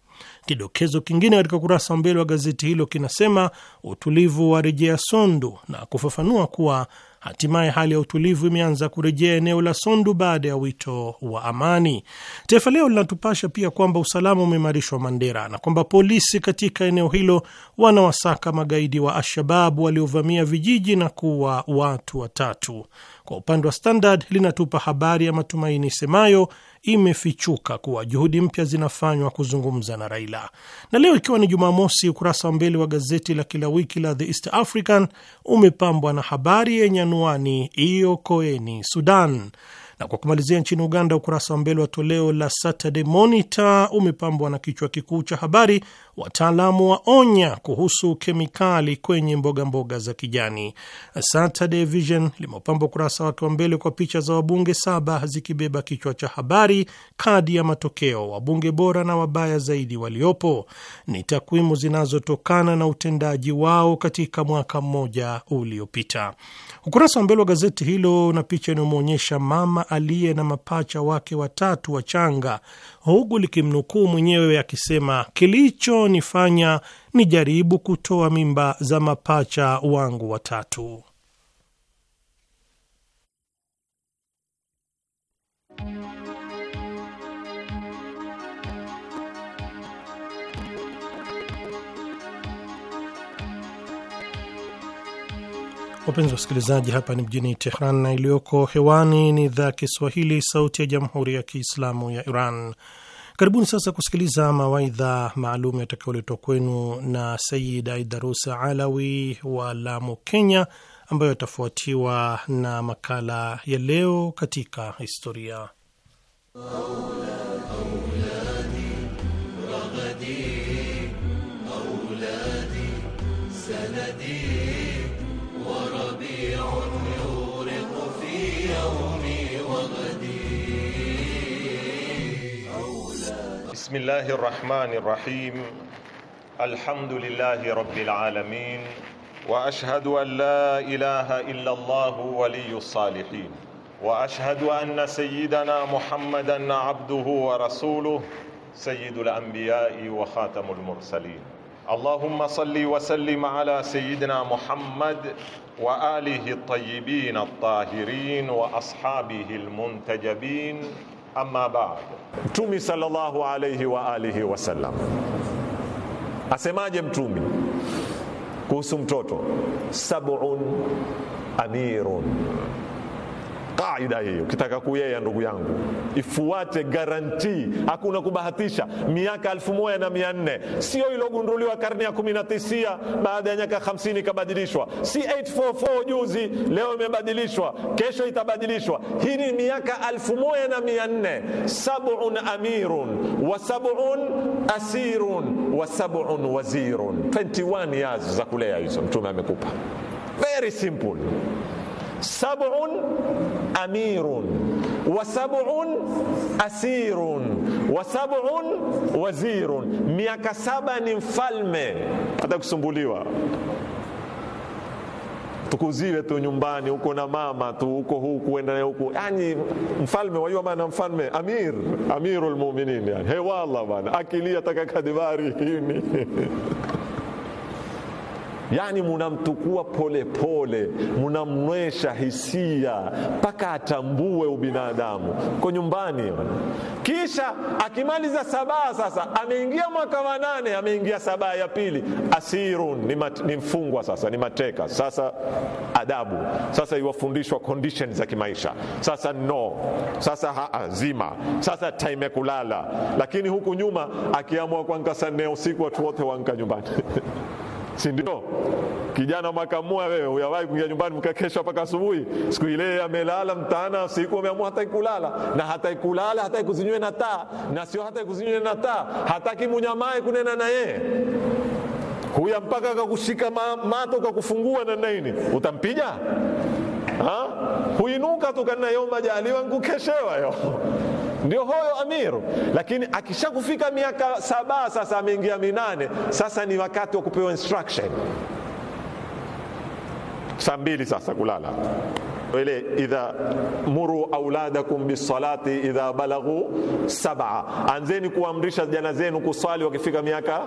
Kidokezo kingine katika ukurasa wa mbele wa gazeti hilo kinasema utulivu wa rejea Sondu na kufafanua kuwa hatimaye hali ya utulivu imeanza kurejea eneo la Sondu baada ya wito wa amani. Taifa Leo linatupasha pia kwamba usalama umeimarishwa Mandera na kwamba polisi katika eneo hilo wanawasaka magaidi wa alshababu waliovamia vijiji na kuwa watu watatu. Kwa upande wa Standard linatupa habari ya matumaini semayo imefichuka kuwa juhudi mpya zinafanywa kuzungumza na Raila. Na leo ikiwa ni Jumamosi, ukurasa wa mbele wa gazeti la kila wiki la The East African umepambwa na habari yenye anwani iokoeni Sudan. Na kwa kumalizia, nchini Uganda, ukurasa wa mbele wa toleo la Saturday Monitor umepambwa na kichwa kikuu cha habari, wataalamu waonya kuhusu kemikali kwenye mboga mboga za kijani. Saturday Vision limeupamba ukurasa wake wa mbele kwa picha za wabunge saba zikibeba kichwa cha habari, kadi ya matokeo, wabunge bora na wabaya zaidi waliopo. Ni takwimu zinazotokana na utendaji wao katika mwaka mmoja uliopita. Ukurasa wa mbele wa gazeti hilo na picha inayomwonyesha mama aliye na mapacha wake watatu wachanga, huku likimnukuu mwenyewe akisema, kilichonifanya nijaribu kutoa mimba za mapacha wangu watatu. Wapenzi wasikilizaji, hapa ni mjini Tehran na iliyoko hewani ni idhaa ya Kiswahili, Sauti ya Jamhuri ya Kiislamu ya Iran. Karibuni sasa kusikiliza mawaidha maalum yatakayoletwa kwenu na Sayid Aidarus Alawi wa Lamu, Kenya, ambayo yatafuatiwa na makala ya Leo katika Historia. بسم الله الرحمن الرحيم الحمد لله رب العالمين واشهد ان لا اله الا الله ولي الصالحين واشهد ان سيدنا محمدا عبده ورسوله سيد الانبياء وخاتم المرسلين اللهم صل وسلم على سيدنا محمد واله الطيبين الطاهرين واصحابه المنتجبين Amma baad, Mtumi sallallahu alayhi wa alihi wasallam asemaje? Mtumi kuhusu mtoto, sab'un amirun kaida hiyo. Ukitaka kuyea, ndugu yangu, ifuate garanti, hakuna kubahatisha. Miaka elfu moja na mia nne sio ilogunduliwa karne ya kumi na tisia, baada ya nyaka hamsini ikabadilishwa, si 844 juzi, leo imebadilishwa, kesho itabadilishwa. Hii ni miaka elfu moja na mia nne Sabun amirun wa sabun asirun wa sabun wazirun, 21 yaz za kulea hizo, mtume amekupa very simple sabun amirun wa sab'un asirun wa sab'un wazirun, miaka saba ni mfalme, hata kusumbuliwa tukuziwe tu nyumbani huko na mama tu huko huku enda huku, yani mfalme, wajua maana mfalme, amir amirul mu'minin, yani hewala bana, akilia atakakadibari kadibari hini yani munamtukua polepole, munamnwesha hisia mpaka atambue ubinadamu ko nyumbani. Kisha akimaliza sabaa, sasa ameingia mwaka wa nane, ameingia sabaa ya pili, asirun ni, mat, ni mfungwa sasa, ni mateka sasa, adabu sasa, iwafundishwa conditions za kimaisha sasa, no sasa, haa, ah, zima sasa, time ya kulala. Lakini huku nyuma akiamua kwanka saa usiku watu wote wanka nyumbani si ndio? Kijana mwaka wewe uyawahi kuingia nyumbani mkakesha mpaka asubuhi, siku ile amelala mtaana, siku ameamua hata ikulala na hata ikulala, hata ikuzinywe na taa na sio hata ikuzinywe na taa, hataki munyamae kunena na yeye huya mpaka akakushika ma, mato kakufungua na nini, utampija huinuka tukana yo majaliwa nkukeshewa yo ndio huyo amiru, lakini akishakufika miaka saba sasa, ameingia minane, sasa ni wakati wa kupewa instruction. Saa mbili sasa kulala ile idha muru auladakum bisalati idha balaghu sab'a, anzeni kuamrisha jana zenu kuswali wakifika miaka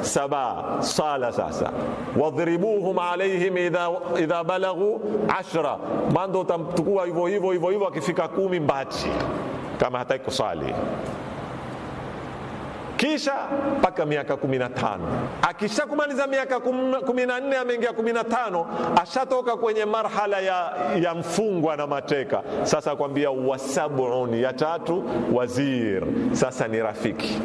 saba sala. Sasa wadhribuhum alaihim idha, idha balaghu ashra, mando utamtukua hivyo hivyo hivyo hivyo akifika kumi mbachi kama hataki kusali kisha mpaka miaka kumi na tano akishakumaliza miaka kumi na nne ameingia kumi na tano ashatoka kwenye marhala ya, ya mfungwa na mateka sasa akwambia wasabuni ya tatu wazir sasa ni rafiki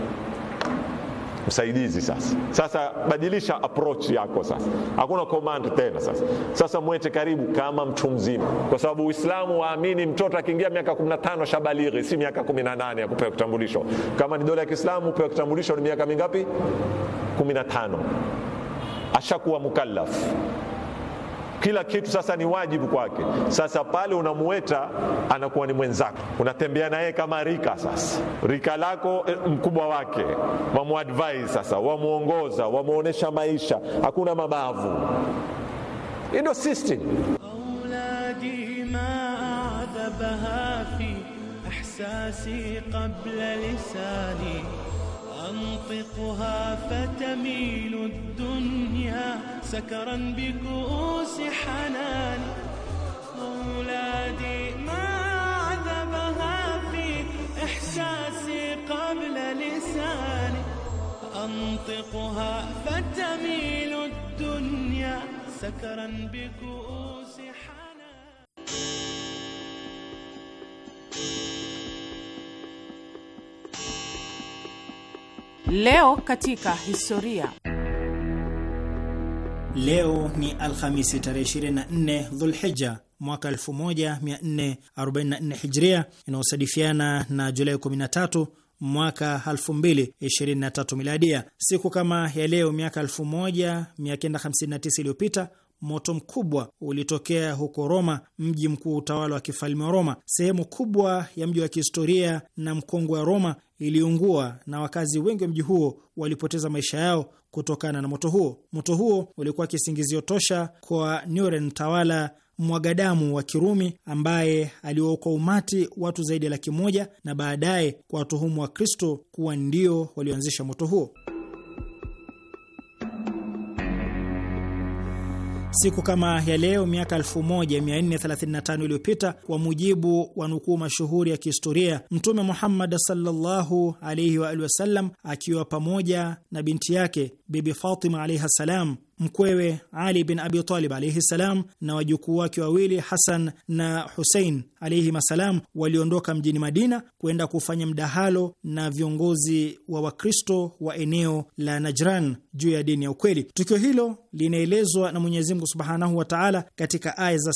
msaidizi sasa. Sasa badilisha approach yako sasa, hakuna command tena sasa. Sasa mwete karibu kama mtu mzima, kwa sababu Uislamu waamini mtoto akiingia miaka 15 shabalighi, si miaka 18 ya kupewa kitambulisho. Kama ni dola ya Kiislamu upewa kitambulisho ni miaka mingapi? 15, ashakuwa mukallaf kila kitu sasa ni wajibu kwake. Sasa pale unamweta anakuwa ni mwenzako, unatembea naye kama rika, sasa rika lako eh, mkubwa wake, wamuadvise sasa, wamuongoza, wamuonesha maisha, hakuna mabavu. Hii ndio system وأنطقها فتميل الدنيا سكرا بكؤوس حنان أولادي ما عذبها في إحساسي قبل لساني أنطقها فتميل الدنيا سكرا بكؤوس حنان Leo katika historia. Leo ni Alhamisi tarehe 24 Dhulhija mwaka 1444 Hijria, inayosadifiana na Julai 13 mwaka 2023 Miladia. Siku kama ya leo miaka 1959 iliyopita moto mkubwa ulitokea huko Roma, mji mkuu wa utawala wa kifalme wa Roma. Sehemu kubwa ya mji wa kihistoria na mkongwe wa Roma iliungua na wakazi wengi wa mji huo walipoteza maisha yao kutokana na moto huo. Moto huo ulikuwa kisingizio tosha kwa Nuren, mtawala mwagadamu wa Kirumi ambaye aliwaokoa umati watu zaidi ya laki moja na baadaye kwa watuhumu wa kristo kuwa ndio walioanzisha moto huo. Siku kama ya leo miaka 1435 iliyopita, kwa mujibu wa nukuu mashuhuri ya kihistoria, Mtume Muhammad sallallahu alaihi wa alihi wasallam akiwa pamoja na binti yake Bibi Fatima alaihi salam mkwewe Ali bin Abi Talib alaihi salam na wajukuu wake wawili Hasan na Husein alaihim assalam waliondoka mjini Madina kwenda kufanya mdahalo na viongozi wa Wakristo wa eneo la Najran juu ya dini ya ukweli. Tukio hilo linaelezwa na Mwenyezi Mungu subhanahu wa taala katika aya za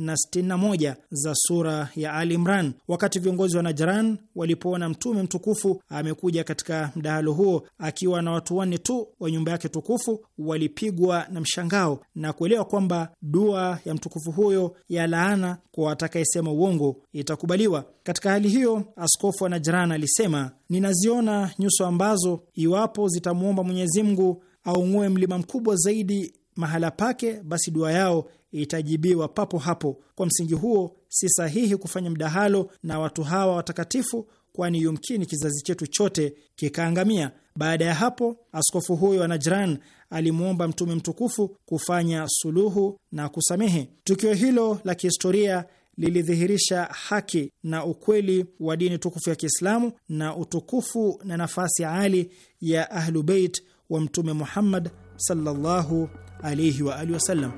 na 61 za sura ya Ali Imran. Wakati viongozi wa Najran walipoona Mtume mtukufu amekuja katika mdahalo huo akiwa na watu wanne tu wa nyumba yake tukufu, walipigwa na mshangao na kuelewa kwamba dua ya mtukufu huyo ya laana kwa watakayesema uongo itakubaliwa. Katika hali hiyo, askofu wa Najran alisema, ninaziona nyuso ambazo iwapo zitamwomba Mwenyezi Mungu aung'ue mlima mkubwa zaidi mahala pake, basi dua yao itajibiwa papo hapo. Kwa msingi huo, si sahihi kufanya mdahalo na watu hawa watakatifu, kwani yumkini kizazi chetu chote kikaangamia. Baada ya hapo, askofu huyo wa Najran alimwomba Mtume mtukufu kufanya suluhu na kusamehe. Tukio hilo la kihistoria lilidhihirisha haki na ukweli wa dini tukufu ya Kiislamu na utukufu na nafasi ali ya Ahlubeit wa Mtume Muhammad sallallahu alaihi wa alihi wasallam.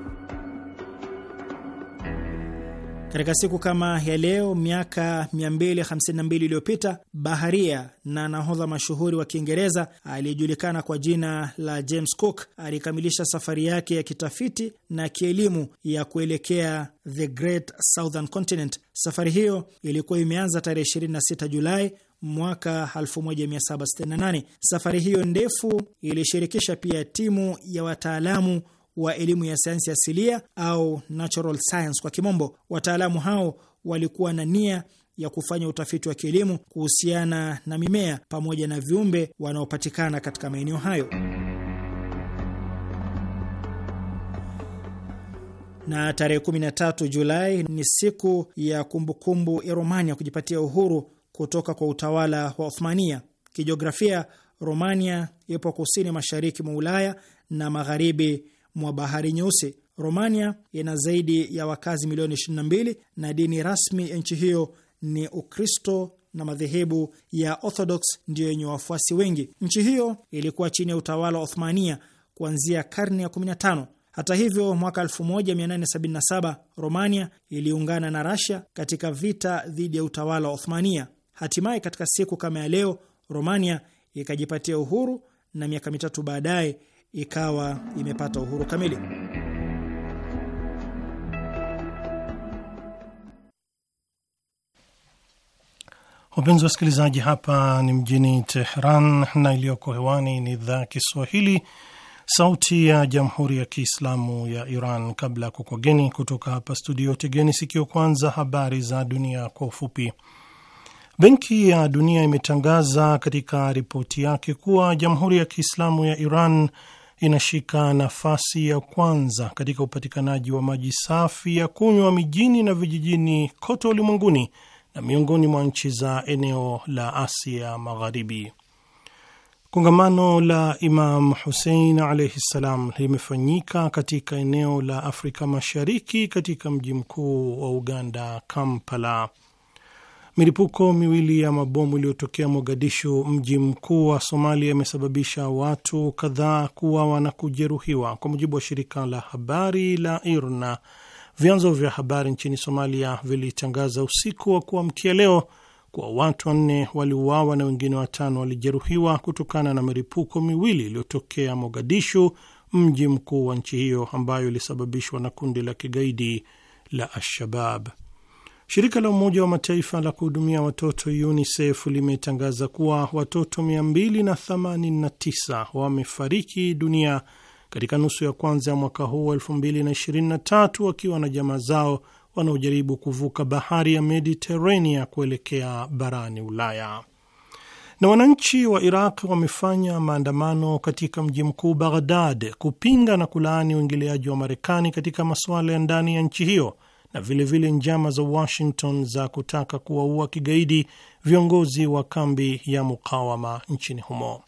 Katika siku kama ya leo miaka 252 iliyopita baharia na nahodha mashuhuri wa Kiingereza aliyejulikana kwa jina la James Cook alikamilisha safari yake ya kitafiti na kielimu ya kuelekea the Great Southern Continent. Safari hiyo ilikuwa imeanza tarehe 26 Julai mwaka 1768. Safari hiyo ndefu ilishirikisha pia timu ya wataalamu wa elimu ya sayansi asilia au natural science kwa kimombo. Wataalamu hao walikuwa na nia ya kufanya utafiti wa kielimu kuhusiana na mimea pamoja na viumbe wanaopatikana katika maeneo hayo. Na tarehe 13 Julai ni siku ya kumbukumbu ya Romania kujipatia uhuru kutoka kwa utawala wa Othmania. Kijiografia, Romania ipo kusini mashariki mwa Ulaya na magharibi mwa bahari nyeusi. Romania ina zaidi ya wakazi milioni 22 na dini rasmi ya nchi hiyo ni Ukristo na madhehebu ya Orthodox ndiyo yenye wafuasi wengi. Nchi hiyo ilikuwa chini ya utawala wa Othmania kuanzia karne ya 15. Hata hivyo, mwaka 1877 Romania iliungana na rasia katika vita dhidi ya utawala wa Othmania. Hatimaye, katika siku kama ya leo, Romania ikajipatia uhuru na miaka mitatu baadaye ikawa imepata uhuru kamili. Wapenzi wasikilizaji, hapa ni mjini Teheran na iliyoko hewani ni idhaa ya Kiswahili, Sauti ya Jamhuri ya Kiislamu ya Iran. Kabla ya kukwageni kutoka hapa studio, tegeni sikio kwanza habari za dunia kwa ufupi. Benki ya Dunia imetangaza katika ripoti yake kuwa Jamhuri ya Kiislamu ya Iran inashika nafasi ya kwanza katika upatikanaji wa maji safi ya kunywa mijini na vijijini kote ulimwenguni na miongoni mwa nchi za eneo la Asia Magharibi. Kongamano la Imam Husein alaihi ssalam limefanyika katika eneo la Afrika Mashariki katika mji mkuu wa Uganda, Kampala. Milipuko miwili ya mabomu iliyotokea Mogadishu, mji mkuu wa Somalia, imesababisha watu kadhaa kuuawa na kujeruhiwa, kwa mujibu wa shirika la habari la IRNA. Vyanzo vya habari nchini Somalia vilitangaza usiku wa kuamkia leo kuwa watu wanne waliuawa na wengine watano walijeruhiwa kutokana na milipuko miwili iliyotokea Mogadishu, mji mkuu wa nchi hiyo, ambayo ilisababishwa na kundi la kigaidi la Alshabab. Shirika la Umoja wa Mataifa la kuhudumia watoto UNICEF limetangaza kuwa watoto 289 wamefariki dunia katika nusu ya kwanza ya mwaka huu wa 2023 wakiwa na jamaa zao wanaojaribu kuvuka bahari ya Mediterania kuelekea barani Ulaya. Na wananchi wa Iraq wamefanya maandamano katika mji mkuu Baghdad kupinga na kulaani uingiliaji wa Marekani katika masuala ya ndani ya nchi hiyo na vilevile vile njama za Washington za kutaka kuwaua kigaidi viongozi wa kambi ya mukawama nchini humo.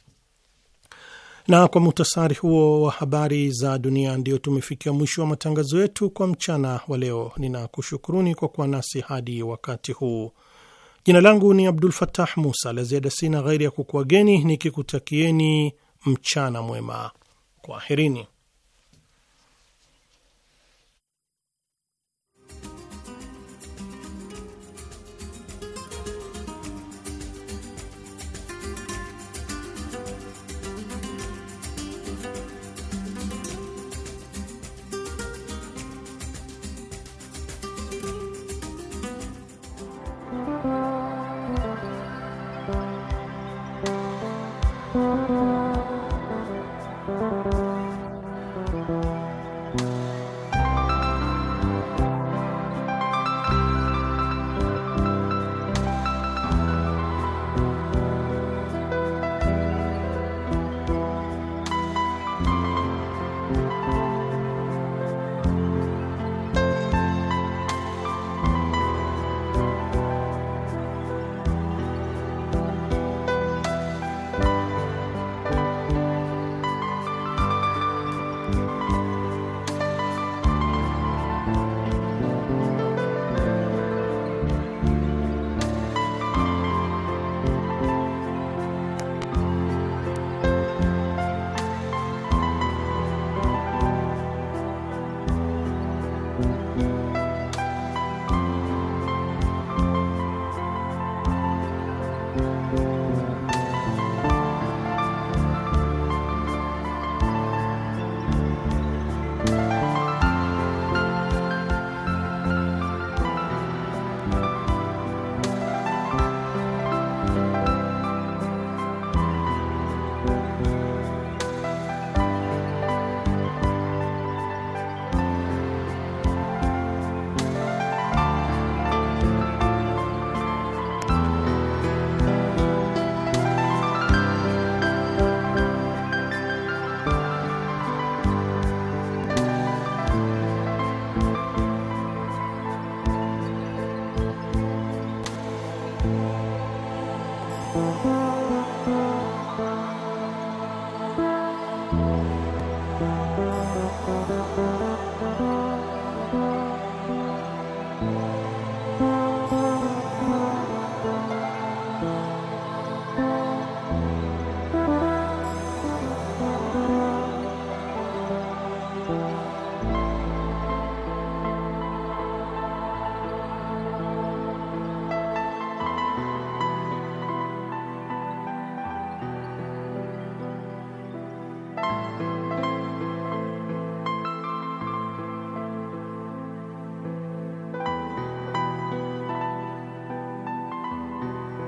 Na kwa muhtasari huo wa habari za dunia, ndio tumefikia mwisho wa matangazo yetu kwa mchana wa leo. Ninakushukuruni kwa kuwa nasi hadi wakati huu. Jina langu ni Abdul Fatah Musa. La ziada sina ghairi ya kukuageni nikikutakieni mchana mwema. Kwaherini.